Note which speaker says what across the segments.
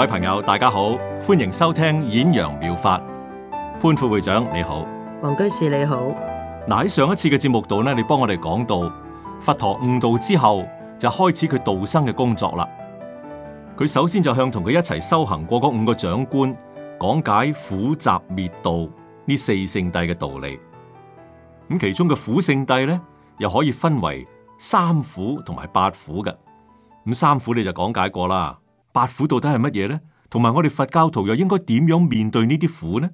Speaker 1: 各位朋友，大家好，歡迎收聽《演揚妙，妙法》。潘副會長你好，
Speaker 2: 王居士你好。
Speaker 1: 嗱，喺上一次嘅節目度呢，你幫我哋講到佛陀悟道之後，就開始佢度生嘅工作啦。佢首先就向同佢一齊修行過嗰五個長官講解苦集滅，滅道呢四聖諦嘅道理。咁其中嘅苦聖諦呢，又可以分為三苦同埋八苦嘅。咁三苦你就講解過啦。八苦到底係乜嘢呢？同埋我哋佛教徒又應該點樣面對呢啲苦呢？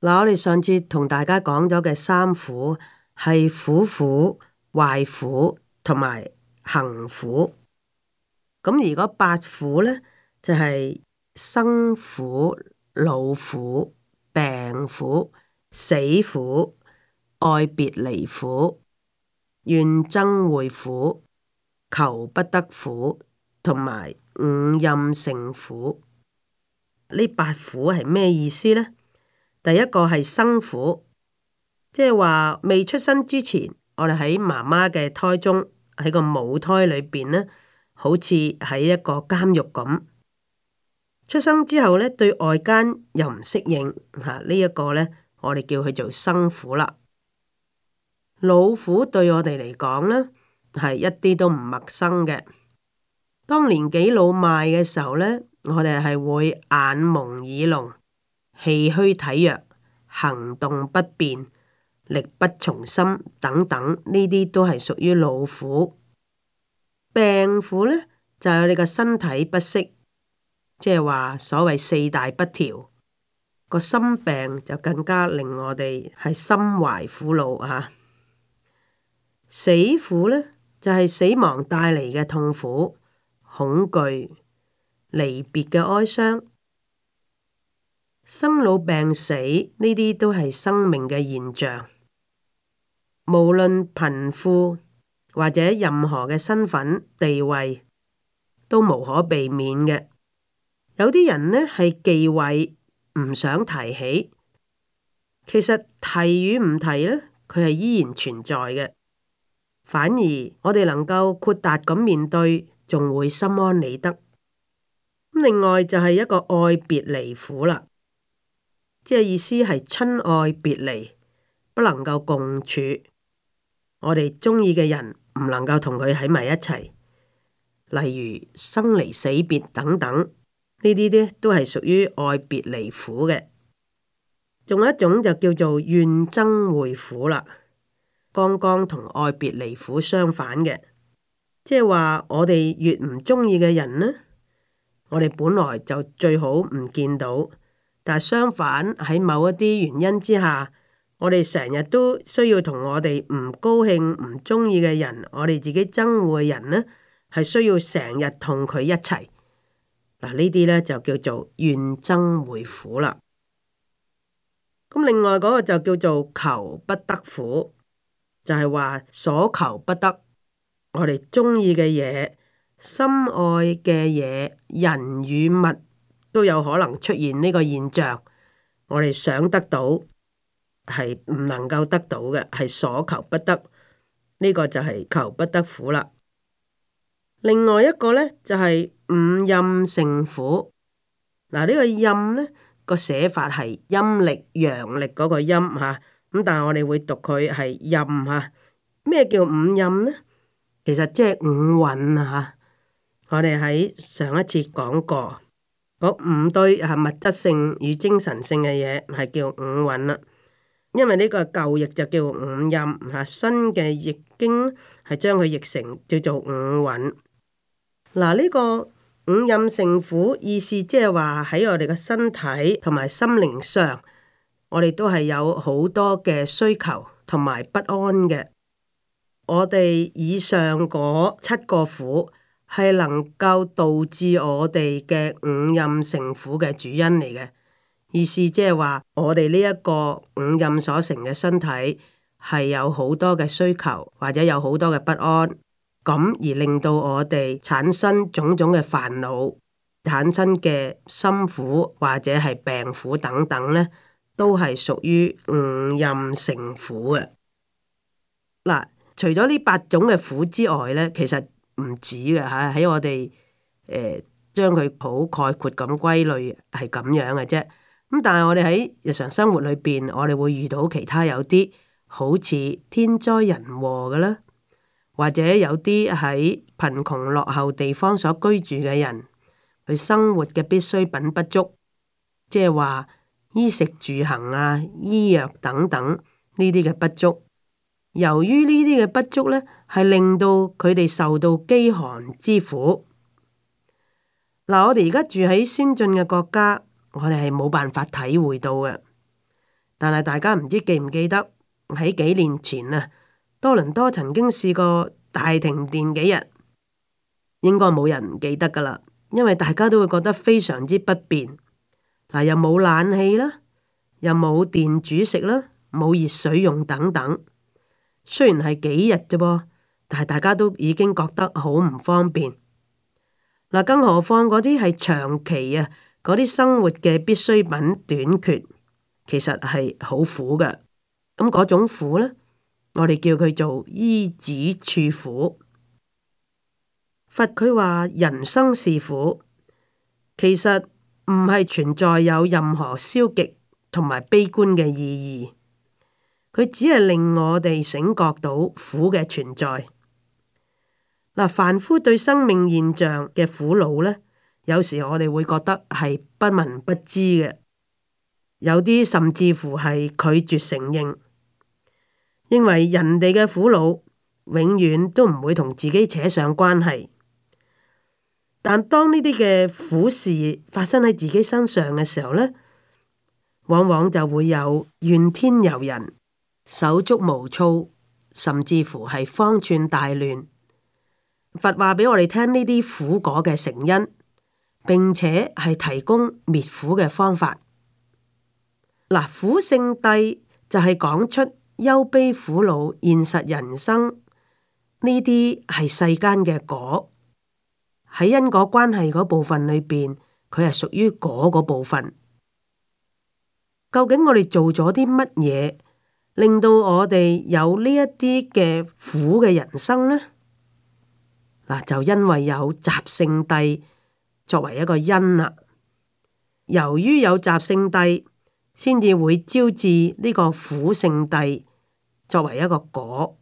Speaker 2: 嗱，我哋上次同大家講咗嘅三苦係苦苦、壞苦同埋行苦。咁如果八苦呢，就係生苦、老苦、病苦、死苦、愛別離苦、怨憎會苦、求不得苦同埋。五任成虎，呢八虎係咩意思呢？第一個係生虎，即係話未出生之前，我哋喺媽媽嘅胎中，喺個母胎裏邊呢，好似喺一個監獄咁。出生之後呢，對外間又唔適應，吓呢一個呢，我哋叫佢做生虎啦。老虎對我哋嚟講呢，係一啲都唔陌生嘅。當年紀老邁嘅時候呢，我哋係會眼朦耳聾、氣虛體弱、行動不便、力不從心等等，呢啲都係屬於老苦。病苦呢，就係你個身體不適，即係話所謂四大不調。個心病就更加令我哋係心懷苦惱啊！死苦呢，就係、是、死亡帶嚟嘅痛苦。恐懼、離別嘅哀傷、生老病死，呢啲都係生命嘅現象，無論貧富或者任何嘅身份地位，都無可避免嘅。有啲人呢係忌諱，唔想提起，其實提與唔提呢，佢係依然存在嘅。反而我哋能夠豁達咁面對。仲會心安理得。另外就係一個愛別離苦啦，即係意思係親愛別離，不能夠共處，我哋中意嘅人唔能夠同佢喺埋一齊，例如生離死別等等，呢啲呢都係屬於愛別離苦嘅。仲有一種就叫做怨憎會苦啦，剛剛同愛別離苦相反嘅。即係話，我哋越唔中意嘅人呢，我哋本來就最好唔見到。但係相反喺某一啲原因之下，我哋成日都需要同我哋唔高興、唔中意嘅人，我哋自己憎惡嘅人呢，係需要成日同佢一齊。嗱，呢啲呢就叫做怨憎會苦啦。咁另外嗰個就叫做求不得苦，就係話所求不得。我哋中意嘅嘢、心愛嘅嘢、人與物都有可能出現呢個現象。我哋想得到係唔能夠得到嘅，係所求不得。呢個就係求不得苦啦。另外一個咧就係五陰盛苦。嗱，呢個陰咧個寫法係陰曆、陽曆嗰個陰吓，咁但係我哋會讀佢係陰吓。咩叫五陰咧？其實即係五蘊啊！我哋喺上一次講過，嗰五堆係物質性與精神性嘅嘢，係叫五蘊啦。因為呢個舊譯就叫五陰，嚇、啊、新嘅譯經係將佢譯成叫做五蘊。嗱、啊、呢、這個五陰盛苦，意思即係話喺我哋嘅身體同埋心靈上，我哋都係有好多嘅需求同埋不安嘅。我哋以上嗰七個苦係能夠導致我哋嘅五陰成苦嘅主因嚟嘅，意思即係話我哋呢一個五陰所成嘅身體係有好多嘅需求，或者有好多嘅不安，咁而令到我哋產生種種嘅煩惱、產生嘅心苦或者係病苦等等呢都係屬於五陰成苦嘅嗱。除咗呢八種嘅苦之外呢，其實唔止嘅嚇，喺我哋誒將佢好概括咁歸類，係咁樣嘅啫。咁但係我哋喺日常生活裏邊，我哋會遇到其他有啲好似天災人禍嘅啦，或者有啲喺貧窮落後地方所居住嘅人，佢生活嘅必需品不足，即係話衣食住行啊、醫藥等等呢啲嘅不足。由於呢啲嘅不足呢，係令到佢哋受到饑寒之苦。嗱，我哋而家住喺先進嘅國家，我哋係冇辦法體會到嘅。但係大家唔知記唔記得喺幾年前啊，多倫多曾經試過大停電幾日，應該冇人唔記得噶啦，因為大家都會覺得非常之不便。嗱，又冇冷氣啦，又冇電煮食啦，冇熱水用等等。雖然係幾日啫噃，但係大家都已經覺得好唔方便。嗱，更何況嗰啲係長期啊，嗰啲生活嘅必需品短缺，其實係好苦嘅。咁嗰種苦呢，我哋叫佢做依止處苦。佛佢話人生是苦，其實唔係存在有任何消極同埋悲觀嘅意義。佢只係令我哋醒覺到苦嘅存在。嗱，凡夫對生命現象嘅苦惱呢，有時我哋會覺得係不聞不知嘅，有啲甚至乎係拒絕承認，認為人哋嘅苦惱永遠都唔會同自己扯上關係。但當呢啲嘅苦事發生喺自己身上嘅時候呢，往往就會有怨天尤人。手足無措，甚至乎係方寸大亂。佛話俾我哋聽呢啲苦果嘅成因，並且係提供滅苦嘅方法。嗱，苦聖諦就係講出憂悲苦惱現實人生呢啲係世間嘅果，喺因果關係嗰部分裏邊，佢係屬於果嗰部分。究竟我哋做咗啲乜嘢？令到我哋有呢一啲嘅苦嘅人生呢，嗱就因為有集聖諦作為一個因啦，由於有集聖諦先至會招致呢個苦聖諦作為一個果。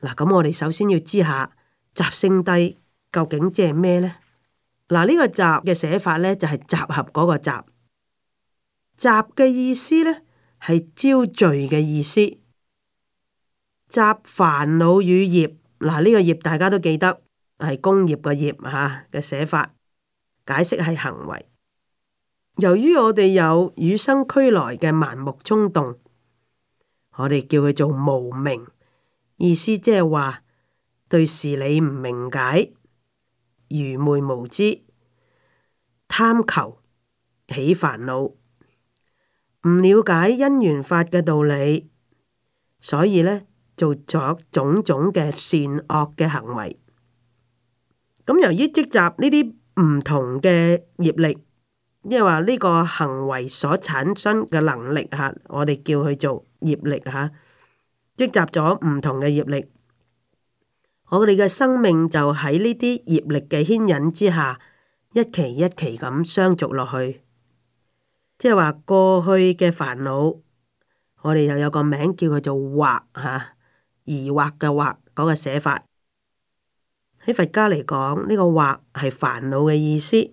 Speaker 2: 嗱咁，我哋首先要知下集聖諦究竟即係咩呢？嗱、這、呢個集嘅寫法呢，就係集合嗰個集，集嘅意思呢？係招聚嘅意思，集煩惱與業。嗱、啊、呢、這個業大家都記得係工業嘅業吓嘅、啊、寫法，解釋係行為。由於我哋有與生俱來嘅盲目衝動，我哋叫佢做無明，意思即係話對事理唔明解，愚昧無知，貪求起煩惱。唔了解因緣法嘅道理，所以呢，做咗種種嘅善惡嘅行為。咁由於積集呢啲唔同嘅業力，即係話呢個行為所產生嘅能力吓，我哋叫佢做業力吓，積集咗唔同嘅業力，我哋嘅生命就喺呢啲業力嘅牽引之下，一期一期咁相續落去。即係話過去嘅煩惱，我哋又有個名叫佢做惑吓，疑惑嘅惑，嗰、啊，那個寫法喺佛家嚟講，呢、這個惑係煩惱嘅意思。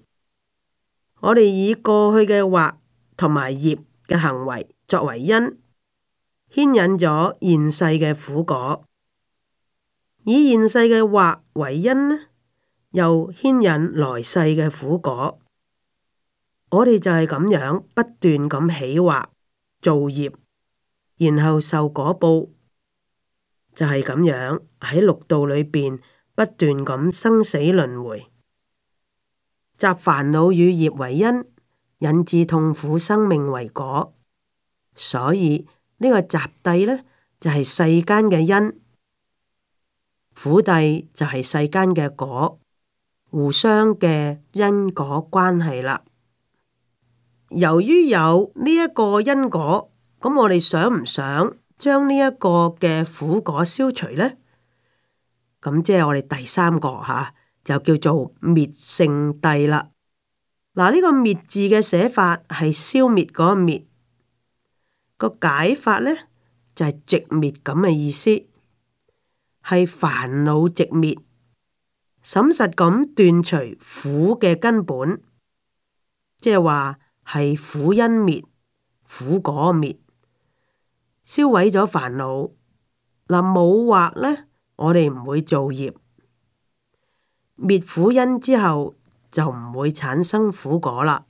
Speaker 2: 我哋以過去嘅惑同埋業嘅行為作為因，牽引咗現世嘅苦果；以現世嘅惑為因咧，又牽引來世嘅苦果。我哋就係咁樣不斷咁起惑造業，然後受果報，就係、是、咁樣喺六道裏邊不斷咁生死輪迴，集煩惱與業為因，引致痛苦生命為果。所以呢、這個集諦呢，就係、是、世間嘅因，苦諦就係世間嘅果，互相嘅因果關係啦。由於有呢一個因果，咁我哋想唔想將呢一個嘅苦果消除呢？咁即係我哋第三個吓、啊，就叫做滅聖諦啦。嗱，呢個滅字嘅寫法係消滅嗰個滅，個解法呢就係、是、直滅咁嘅意思，係煩惱直滅，審實咁斷除苦嘅根本，即係話。係苦因滅，苦果滅，燒毀咗煩惱。嗱，冇惑呢，我哋唔會造業，滅苦因之後就唔會產生苦果啦。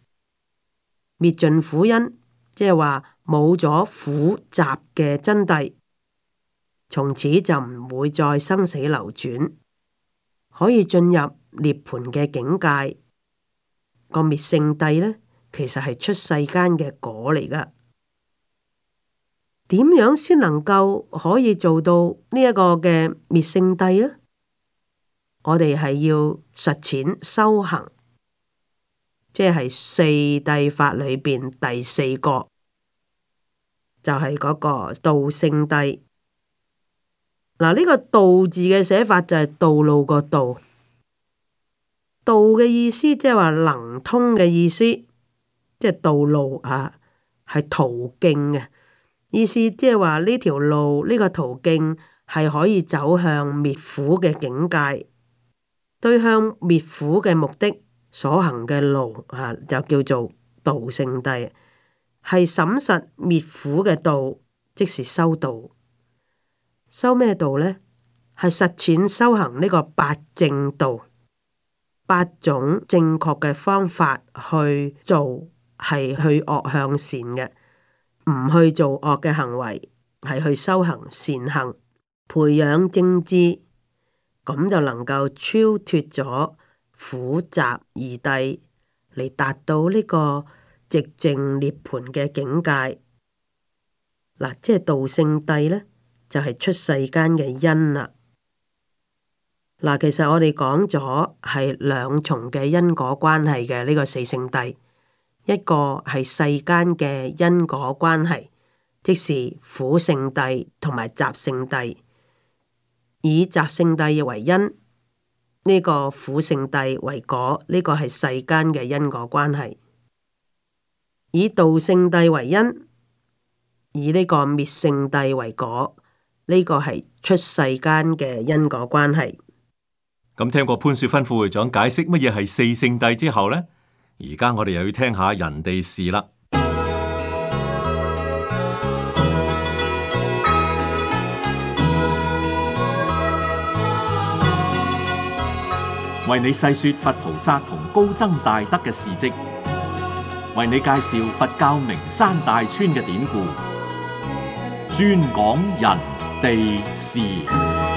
Speaker 2: 滅盡苦因，即係話冇咗苦集嘅真諦，從此就唔會再生死流轉，可以進入涅槃嘅境界。個滅聖諦呢。其實係出世間嘅果嚟噶，點樣先能夠可以做到呢一個嘅滅聖諦呢？我哋係要實踐修行，即係四諦法裏邊第四個，就係嗰個道聖諦。嗱，呢個道字嘅寫法就係道路個道，道嘅意思即係話能通嘅意思。即係道路啊，係途徑嘅意思，即係話呢條路呢，呢個途徑係可以走向滅苦嘅境界，對向滅苦嘅目的所行嘅路啊，就叫做道聖諦。係審實滅苦嘅道，即是修道。修咩道呢？係實踐修行呢個八正道，八種正確嘅方法去做。係去惡向善嘅，唔去做惡嘅行為，係去修行善行，培養正知，咁就能夠超脱咗苦集二諦，嚟達到呢個寂靜涅槃嘅境界。嗱，即係道聖諦呢，就係、是、出世間嘅因啦。嗱，其實我哋講咗係兩重嘅因果關係嘅呢個四聖諦。一個係世間嘅因果關係，即是苦聖諦同埋集聖諦，以集聖諦為因，呢、這個苦聖諦為果，呢個係世間嘅因果關係。以道聖諦為因，以呢個滅聖諦為果，呢個係出世間嘅因果關係。
Speaker 1: 咁、嗯、聽過潘雪芬副會長解釋乜嘢係四聖諦之後呢，而家我哋又要聽下人地事啦，為你細說佛菩薩同高僧大德嘅事跡，為你介紹佛教名山大川嘅典故，專講人地事。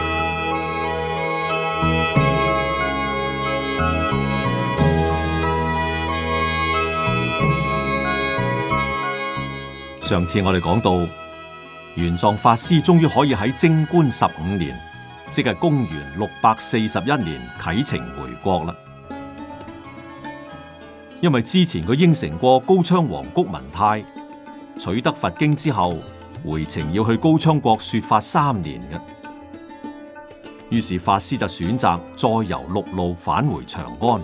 Speaker 1: 上次我哋講到，玄奘法師終於可以喺貞觀十五年，即係公元六百四十一年啟程回國啦。因為之前佢應承過高昌王麹文泰，取得佛經之後回程要去高昌國說法三年嘅，於是法師就選擇再由陸路返回長安。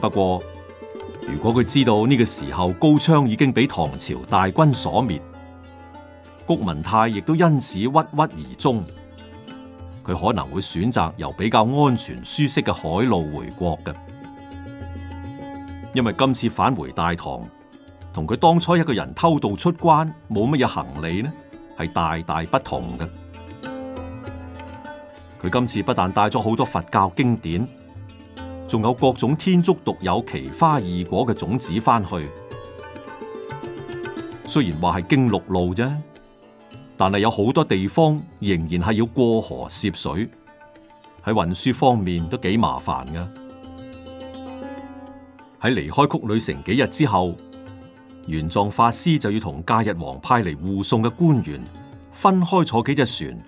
Speaker 1: 不過，如果佢知道呢個時候高昌已經俾唐朝大軍所滅，谷文泰亦都因此鬱鬱而終，佢可能會選擇由比較安全舒適嘅海路回國嘅，因為今次返回大唐，同佢當初一個人偷渡出關冇乜嘢行李呢，係大大不同嘅。佢今次不但帶咗好多佛教經典。仲有各種天竺獨有奇花異果嘅種子翻去，雖然話係經陸路啫，但係有好多地方仍然係要過河涉水，喺運輸方面都幾麻煩噶。喺離開曲女城幾日之後，玄奘法師就要同戒日王派嚟護送嘅官員分開坐幾隻船，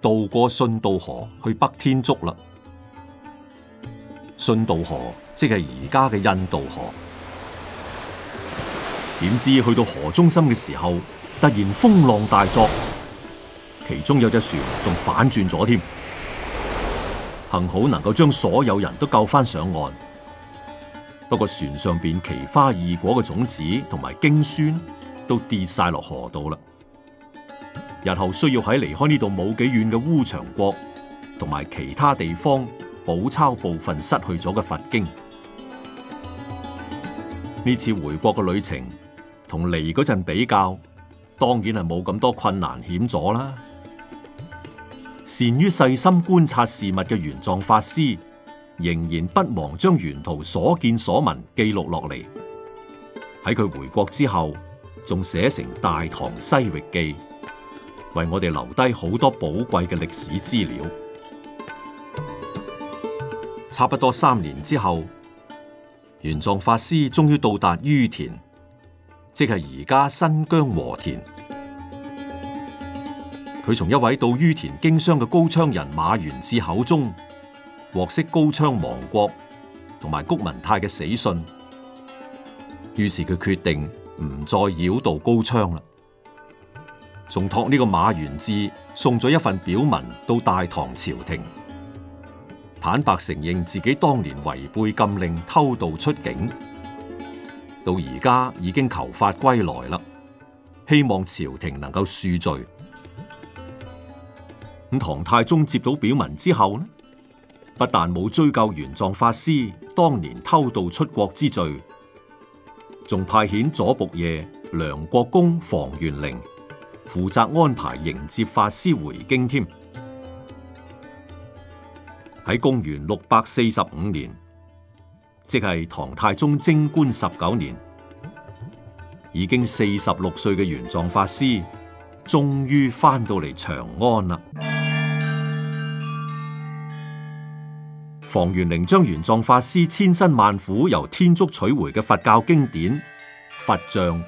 Speaker 1: 渡過信度河去北天竺啦。信道河即係而家嘅印度河。點知去到河中心嘅時候，突然風浪大作，其中有隻船仲反轉咗添。幸好能夠將所有人都救翻上岸。不過船上邊奇花異果嘅種子同埋經酸都跌晒落河度啦。日後需要喺離開呢度冇幾遠嘅烏長國同埋其他地方。補抄部分失去咗嘅佛經，呢次回國嘅旅程同嚟嗰陣比較，當然係冇咁多困難險阻啦。善於細心觀察事物嘅玄奘法師，仍然不忘將沿途所見所聞記錄落嚟。喺佢回國之後，仲寫成《大唐西域記》，為我哋留低好多寶貴嘅歷史資料。差不多三年之後，玄奘法師終於到達于田，即係而家新疆和田。佢從一位到于田經商嘅高昌人馬元志口中，獲悉高昌亡國同埋谷文泰嘅死訊。於是佢決定唔再繞道高昌啦，仲託呢個馬元志送咗一份表文到大唐朝廷。坦白承認自己當年違背禁令偷渡出境，到而家已經求法歸來啦，希望朝廷能夠恕罪。咁唐太宗接到表文之後呢，不但冇追究玄奘法師當年偷渡出國之罪，仲派遣左僕射、梁國公房玄齡負責安排迎接法師回京添。喺公元六百四十五年，即係唐太宗貞觀十九年，已經四十六歲嘅玄奘法師，終於返到嚟長安啦。房玄齡將玄奘法師千辛萬苦由天竺取回嘅佛教經典、佛像，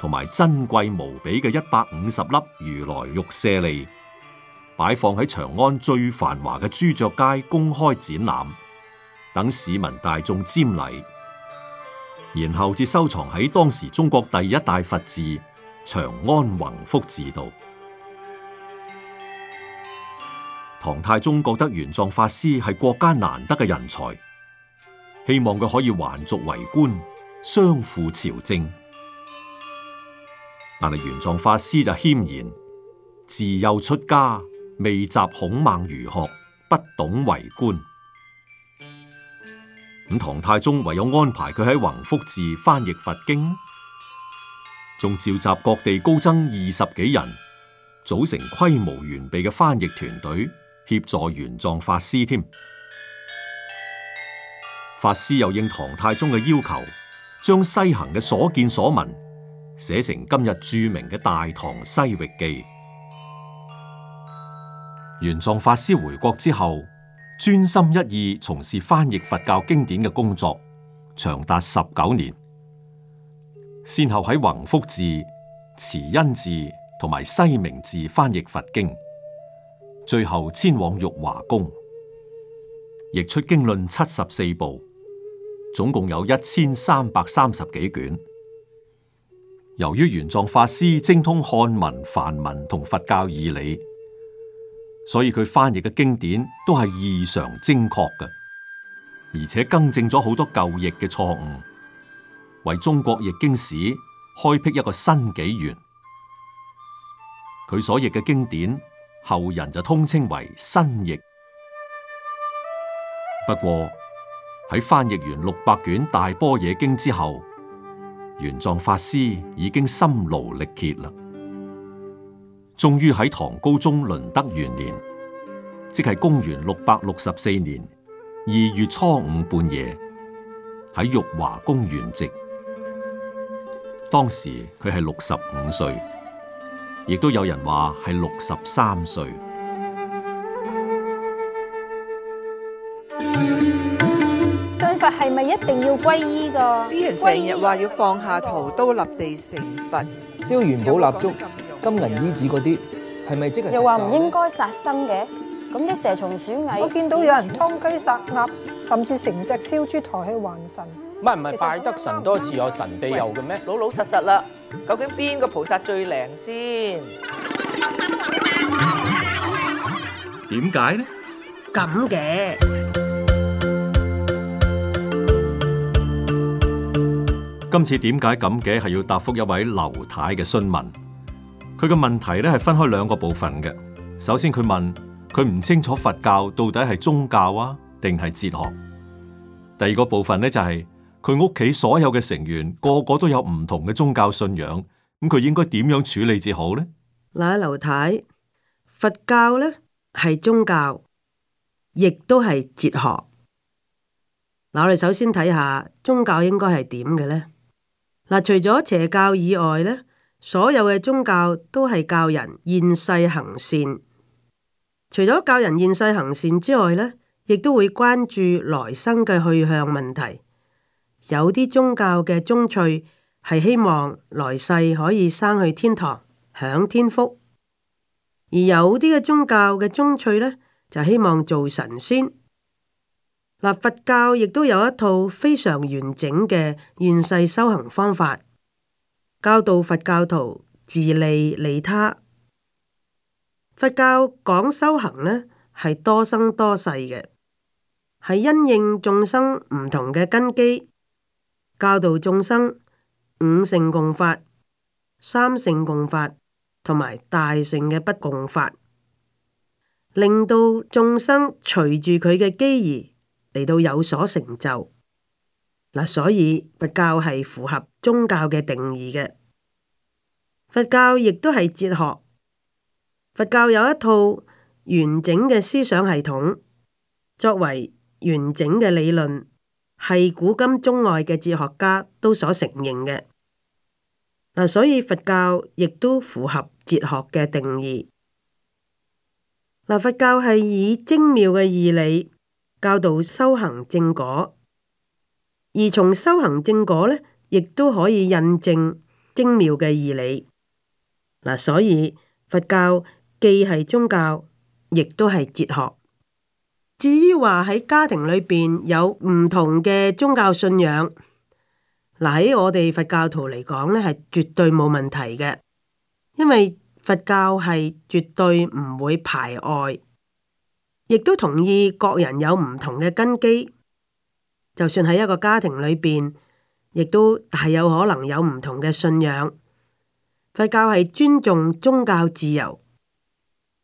Speaker 1: 同埋珍貴無比嘅一百五十粒如來玉舍利。擺放喺長安最繁華嘅朱雀街公開展覽，等市民大眾瞻禮，然後至收藏喺當時中國第一大佛寺長安宏福寺度。唐太宗覺得玄奘法師係國家難得嘅人才，希望佢可以還俗為官，相輔朝政。但係玄奘法師就謙然，自幼出家。未習孔孟儒學，不懂為官。唐太宗唯有安排佢喺弘福寺翻譯佛經，仲召集各地高僧二十幾人，組成規模完備嘅翻譯團隊，協助玄奘法師。添法師又應唐太宗嘅要求，將西行嘅所見所聞，寫成今日著名嘅《大唐西域記》。玄奘法師回國之後，專心一意從事翻譯佛教經典嘅工作，長達十九年。先後喺弘福寺、慈恩寺同埋西明寺翻譯佛經，最後遷往玉華宮，譯出經論七十四部，總共有一千三百三十幾卷。由於玄奘法師精通漢文、梵文同佛教義理。所以佢翻譯嘅經典都係異常精確嘅，而且更正咗好多舊譯嘅錯誤，為中國譯經史開闢一個新紀元。佢所譯嘅經典，後人就通稱為新譯。不過喺翻譯完六百卷大般若經之後，玄奘法師已經心勞力竭啦。終於喺唐高宗麟德元年，即係公元六百六十四年二月初五半夜喺玉華宮圓寂。當時佢係六十五歲，亦都有人話係六十三歲。
Speaker 2: 信佛係咪一定要皈依噶？啲人成日話要放下屠刀立地成
Speaker 1: 佛，燒元寶蠟燭。金銀衣紙嗰啲係咪即係？又話唔應該
Speaker 2: 殺生嘅，咁啲蛇蟲鼠蟻，我見到有人劏雞殺鴨，甚至成隻燒豬抬去還神。
Speaker 1: 唔係唔係，拜得神多自有神庇佑嘅
Speaker 2: 咩？老老實實啦，究竟邊個菩薩最靈先？
Speaker 1: 點解呢？
Speaker 2: 咁嘅，
Speaker 1: 今次點解咁嘅係要答覆一位劉太嘅詢問。佢嘅問題咧係分開兩個部分嘅。首先佢問佢唔清楚佛教到底係宗教啊定係哲學。第二個部分咧就係佢屋企所有嘅成員個個都有唔同嘅宗教信仰，咁佢應該點樣處理至好咧？
Speaker 2: 嗱，劉太，佛教咧係宗教，亦都係哲學。嗱，我哋首先睇下宗教應該係點嘅咧。嗱，除咗邪教以外咧。所有嘅宗教都係教人現世行善，除咗教人現世行善之外咧，亦都會關注來生嘅去向問題。有啲宗教嘅宗趣係希望來世可以生去天堂，享天福，而有啲嘅宗教嘅宗趣咧就希望做神仙。嗱，呃，佛教亦都有一套非常完整嘅現世修行方法。教導佛教徒自利利他，佛教講修行呢，係多生多世嘅，係因應眾生唔同嘅根基，教導眾生五乘共法、三乘共法同埋大乘嘅不共法，令到眾生隨住佢嘅機而嚟到有所成就。所以佛教係符合宗教嘅定義嘅。佛教亦都係哲學。佛教有一套完整嘅思想系統，作為完整嘅理論，係古今中外嘅哲學家都所承認嘅。嗱，所以佛教亦都符合哲學嘅定義。嗱，佛教係以精妙嘅義理教導修行正果。而從修行正果呢，亦都可以印證精妙嘅義理。嗱，所以佛教既係宗教，亦都係哲學。至於話喺家庭裏邊有唔同嘅宗教信仰，嗱，喺我哋佛教徒嚟講呢，係絕對冇問題嘅，因為佛教係絕對唔會排外，亦都同意各人有唔同嘅根基。就算喺一個家庭裏邊，亦都大有可能有唔同嘅信仰。佛教係尊重宗教自由，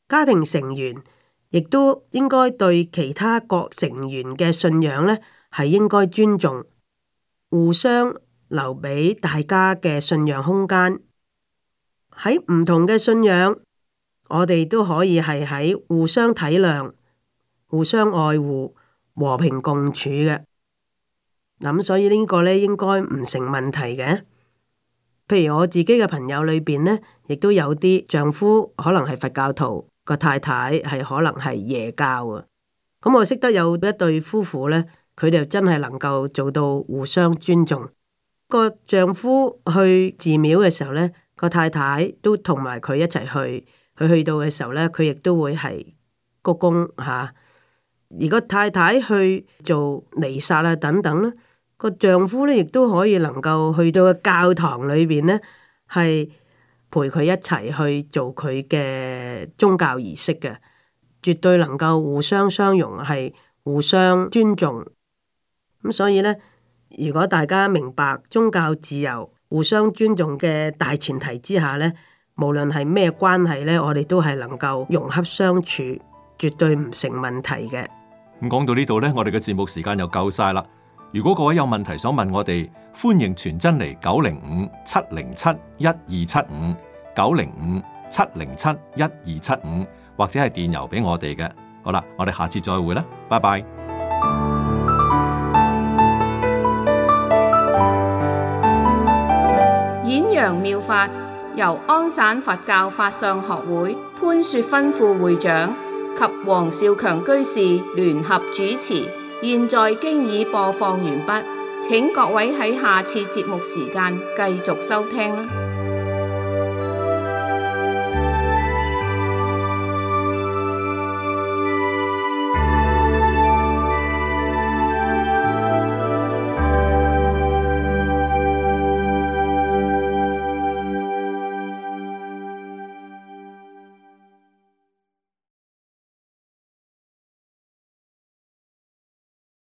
Speaker 2: 家庭成員亦都應該對其他各成員嘅信仰呢，係應該尊重，互相留俾大家嘅信仰空間。喺唔同嘅信仰，我哋都可以係喺互相體諒、互相愛護、和平共處嘅。咁所以呢個咧，應該唔成問題嘅。譬如我自己嘅朋友裏邊呢，亦都有啲丈夫可能係佛教徒，個太太係可能係耶教啊。咁我識得有一對夫婦呢，佢哋真係能夠做到互相尊重。個丈夫去寺廟嘅時候呢，個太太都同埋佢一齊去。佢去到嘅時候呢，佢亦都會係鞠躬吓。而個太太去做彌撒啦等等啦。個丈夫咧，亦都可以能夠去到個教堂裏邊咧，係陪佢一齊去做佢嘅宗教儀式嘅，絕對能夠互相相容，係互相尊重。咁所以咧，如果大家明白宗教自由、互相尊重嘅大前提之下咧，無論係咩關係咧，我哋都係能夠融洽相處，絕對唔成問題嘅。
Speaker 1: 咁講到呢度咧，我哋嘅節目時間又夠晒啦。如果各位有問題想問我哋，歡迎傳真嚟，九零五七零七一二七五九零五七零七一二七五，75, 75，或者係電郵俾我哋嘅。好啦，我哋下次再會啦，拜拜。
Speaker 2: 演揚妙法由安省佛教法相學會潘雪芬副會長及黃少強居士聯合主持現在經已播放完畢，請各位喺下次節目時間繼續收聽啦。